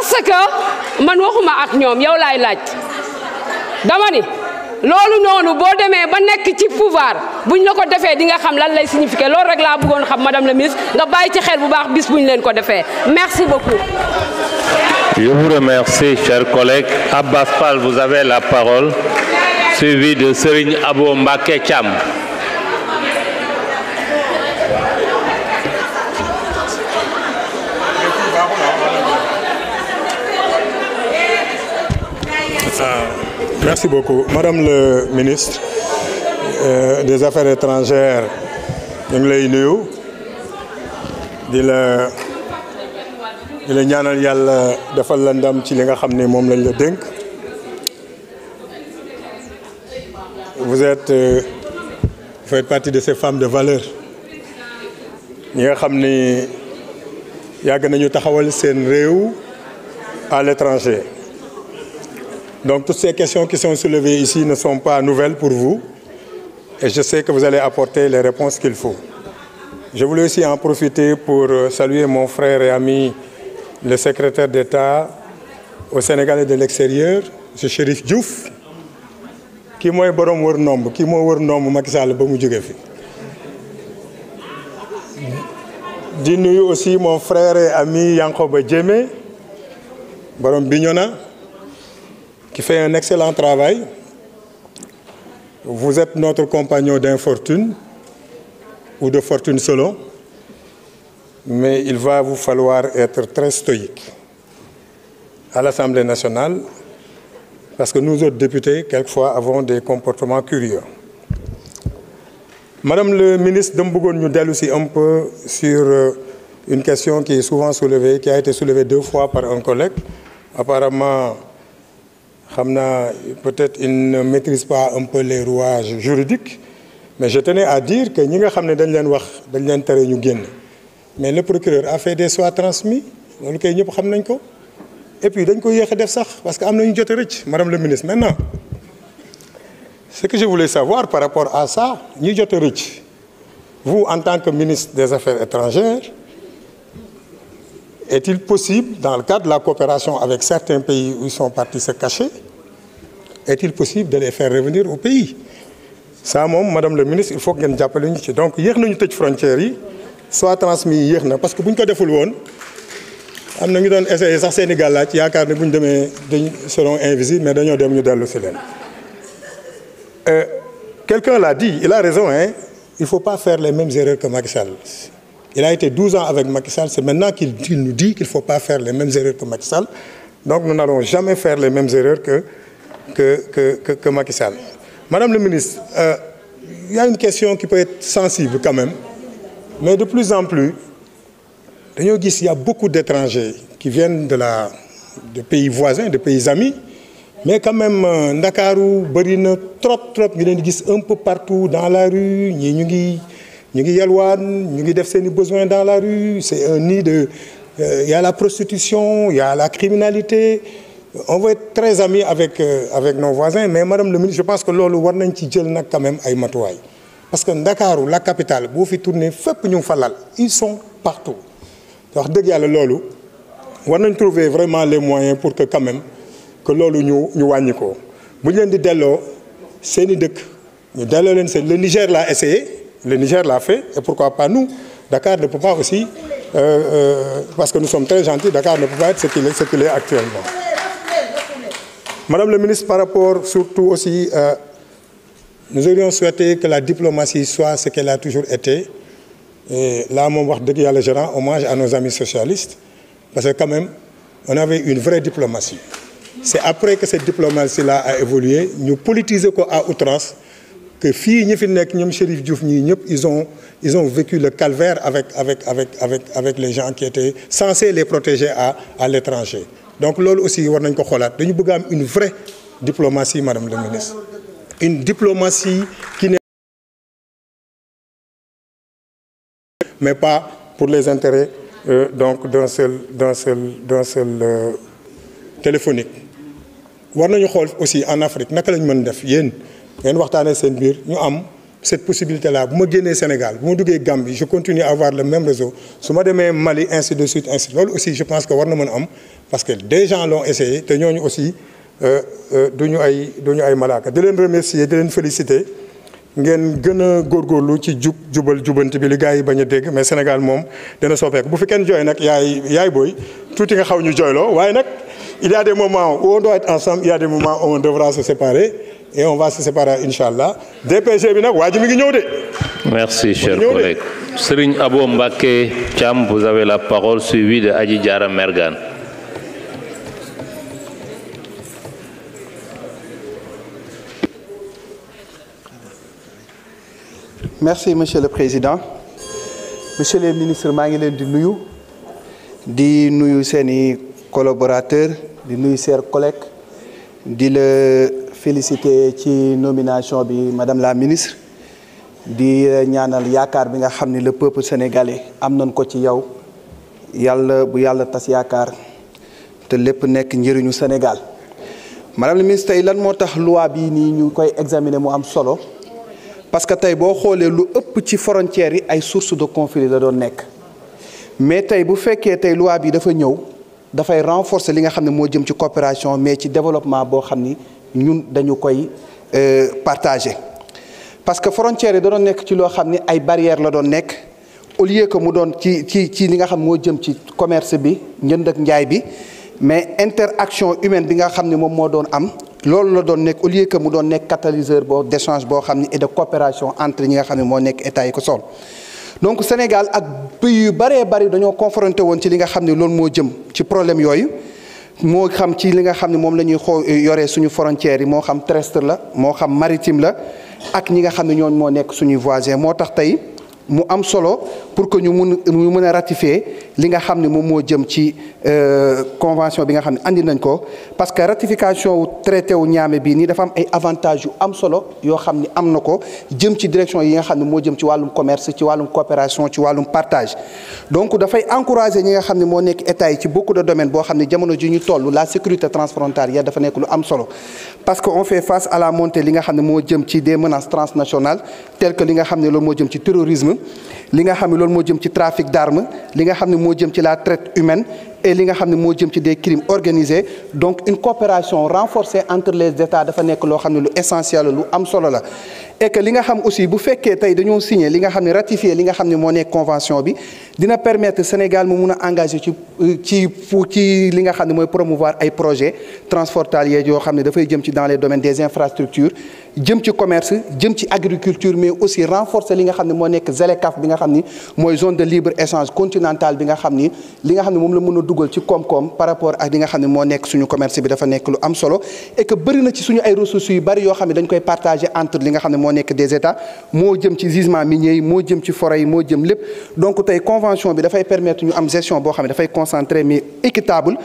parce que man waxuma ak ñoom yow laay laaj dama ni loolu noonu boo demee ba nekk ci pouvoir buñ la ko defee di nga xam lan lay signifier loolu rek laa bëggoon xam madame la ministre nga bàyyi ci xel bu baax bis ñu leen ko defee merci beaucoup. Je vous remercie, chers collègues. Abbas Fall, vous avez la parole, suivi de Serigne Abou Mbacké Thiam. ça. Merci beaucoup. Madame le ministre euh, des Affaires étrangères, ñu ngi lay nuyu di la di ñaanal yàlla defal la ndam ci li nga xam ni moom lañ la dénk vous êtes euh, partie de ces femmes de valeur ñi nga xam ni yàgg nañu taxawal seen réew à l'étranger Donc toutes ces questions qui sont soulevées ici ne sont pas nouvelles pour vous et je sais que vous allez apporter les réponses qu'il faut. Je voulais aussi en profiter pour euh, saluer mon frère et ami, le secrétaire d'État au Sénégalais de l'extérieur, monsieur Chérif Diouf ki mooy borom wër nomb ki moo wër nomb Macky Sall ba mu jóge fi di nuyu aussi mon frère et ami Yankoba Diémé borom Bignona qui fait un excellent travail. Vous êtes notre compagnon d'infortune, ou de fortune selon, mais il va vous falloir être très stoïque à l'Assemblée nationale, parce que nous autres députés, quelquefois, avons des comportements curieux. Madame le ministre, dama bëggoon ñu dellu si un peu sur euh, une question qui souvent soulevée, qui a été soulevée deux fois par un collègue. Apparemment, xam naa peut-être il ne maîtrise pas un peu les rouages juridiques mais je tenais à dire que ñi nga xam ne dañ leen wax dañ leen tere ñu génn mais le procureur a fait des soins transmis loolu kay ñëpp xam nañ ko et puis dañ ko yéex a def sax parce que am nañu jot a rëcc madame le ministre maintenant ce que je voulais savoir par rapport à ça ñi jot a rëcc vous en tant que ministre des affaires étrangères Est-il possible, dans le cadre de la coopération avec certains pays où ils sont partis est-il possible de les faire revenir au pays ça moom madame le ministre il faut que ngeen jàppale ñu ci donc yéex nañu tëj frontières yi soit transmis yi yéex na parce que bu ñu ko deful woon am na ñu doon essayé sax seeni gàllaaj yaakaar ne bu ñu demee dañ seront invisibles mais dañoo dem ñu dellu si leen euh, quelqu'un l'a dit il a raison hein il faut pas faire les mêmes erreurs que Macky Sall il a été 12 ans avec Macky Sall c'est maintenant qu'il nous dit qu'il faut pas faire les mêmes erreurs que Macky Sall donc que que, que, que, que Macky Sall. Madame le ministre, il euh, y une question qui peut être sensible quand même, mais de plus en plus, gis y a beaucoup d'étrangers qui viennent de, la, de pays voisins, de pays amis, mais quand même euh, Ndakaaru bëri na trop trop ñu leen gis un peu partout dans la rue ñii ñu ngi ñu ngi yalwaan ñu ngi def seeni besoin dans la rue c'est un nid de euh, ya la prostitution il y la criminalité on va être très amis avec euh, avec nos voisins mais madame le ministre je pense que loolu war nañ ci jël nag quand ay matuwaay parce que Ndakaaru la capitale boo fi tourné fépp ñu fa lal ils sont partout wax dëgg yàlla loolu war nañ trouver vraiment les moyens pour que quand même que loolu ñu ñu wàññi bu leen di delloo seeni dëkk ñu delloo leen seen le Niger l'a essayé le Niger l'a fait et pourquoi pas nous Dakar ne peut aussi euh, euh, parce que nous sommes très gentils Dakar ne peut pas être ce qu'il actuellement Madame le ministre, par rapport surtout aussi, euh, nous aurions souhaité que la diplomatie soit ce qu'elle a toujours été. Et là, mon wax deug yalla je rends hommage à nos amis socialistes parce que quand même on avait une vraie diplomatie. C'est après que cette diplomatie là a évolué, ñu politiser ko à outrance que fii ñi fi nekk ñoom Chérif Diouf ñii ñëpp ils ont ils ont vécu le calvaire avec avec avec les gens qui étaient censés les protéger à à l'étranger. donc loolu aussi war nañ ko xoolaat dañu bëgg am une vraie diplomatie madame la ministre une diplomatie qui ne mais pas pour les intérêts euh, donc d'un seul d'un euh, téléphonique war nañu xool aussi en naka lañ mën def yéen ngeen waxtaanee seen biir ñu am cette possibilité-là bu ma génnee Sénégal bu ma duggee Gambie je continue à avoir le même réseau su ma demee Mali ainsi de suite ainsi loolu aussi je pense que war na mën a am parce que des gens l'ont essayé te ñooñu aussi euh, euh, du ñu ay du ay malaaka di leen remercier di leen féliciter ngeen gën a góorgóorlu ci jub jubal jubanti bi li gars yi bañ a dégg mais Sénégal moom dana soppeeku bu fi kenn jooy nag yaay yaay booy tuuti nga xaw ñu jooyloo waaye nag il y a des a des moments où on devra se et on va se séparer incha allah DPG bi nag waa ji mi ngi ñëw de. merci cher collègue Serigne Abo Mbacké Thiam vous avez la parole suivi de Adji Diarra Mergane. merci monsieur le président monsieur le ministre maa ngi leen di nuyu di nuyu seeni collaborateurs di nuyu chers collègues di la. féliciter ci nomination bi madame la ministre di ñaanal yaakaar bi nga xam ni le peuple sénégalais am nañ ko ci yow yàlla bu yàlla tas yaakaar te lépp nekk njëriñu Sénégal madame la ministre tey lan moo tax loi bii nii ñu koy examiner mu am solo parce que tey boo xoolee lu ëpp ci frontières yi ay source de conflit la doon nekk mais tey bu fekkee tey loi bi dafa ñëw dafay renforce li nga xam ne moo jëm ci coopération mais ci développement boo xam ni ñun dañu koy euh, partager parce que frontière yi da doon nekk ci loo xam ni ay barrières la doon nekk au lieu que mu doon ci ci ci li nga xam moo jëm ci commerce bi njënd ak njaay bi mais interaction humaine bi nga xam ne moom moo doon am loolu la doon nekk au lieu que mu doon nekk catalyseur boo d'échange boo xam ne et de coopération entre ñi nga xam ne moo nekk état yi ko soon donc Sénégal ak pays yu bëree bëri dañoo confronté woon ci li nga xam ne loolu moo jëm ci problème yooyu moo xam ci li nga xam ne moom la ñuy xoo euh, yoree suñu frontières yi moo xam terrestre la moo xam maritime la ak ñi nga xam ne ñooñu moo nekk suñuy voisin moo tax tey mu am solo pour que ñu mun ñu mën a ratifier li nga xam ne moom moo jëm ci euh, convention bi nga xam ne andi nañ ko parce que ratification wu traité wu ñaame bii nii ay avantages yu am yoo xam ni am na ko jëm ci direction yi nga xam ne moo jëm ci wàllum commerce ci wàllum coopération ci wàllum partage donc dafay ñi nga xam ne moo nekk état yi ci beaucoup de domaines boo xam ne jamono ji ñu toll la sécurité transfrontalière dafa nekk lu am solo parce que on fait face à la montée li nga xam ne moo jëm ci des menaces transnationales telles que li nga xam ne loolu moo jëm ci terrorisme li nga xam ne loolu moo jëm ci trafic d'armes li nga xam ne moo jëm ci la traite humaine et li nga xam ne moo jëm ci des crimes organisés donc une coopération renforcée entre les états dafa nekk loo xam ne lu essentiel lu am solo la. et li nga xam aussi bu fekkee tey dañoo signé li nga xam ne ratifié li nga xam ne moo nekk convention bi dina permettre Sénégal mu mun engagé ci ci ci li nga xam ne mooy promouvoir ay projets transfrontaliers yoo xam ne dafay jëm ci dans les domaines des infrastructures jëm ci commerce ci agriculture mais aussi renforcer li nga xam ne moo nekk ZLECAf bi nga xam ni mooy zone de libre échange continentale bi nga xam ni li nga xam ne moom la mën dugal ci koom-koom par rapport ak li nga xam ne moo nekk suñu commerce bi dafa nekk lu am solo et que ci suñu ay ressources yu bëri yoo xam ne dañ koy partager entre li nga xam ne moo nekk des états moo jëm ci gisement minier yi moo jëm ci forêt yi moo jëm lépp donc tey convention bi dafay permettre ñu am gestion boo xam ne dafay concentré mais équitable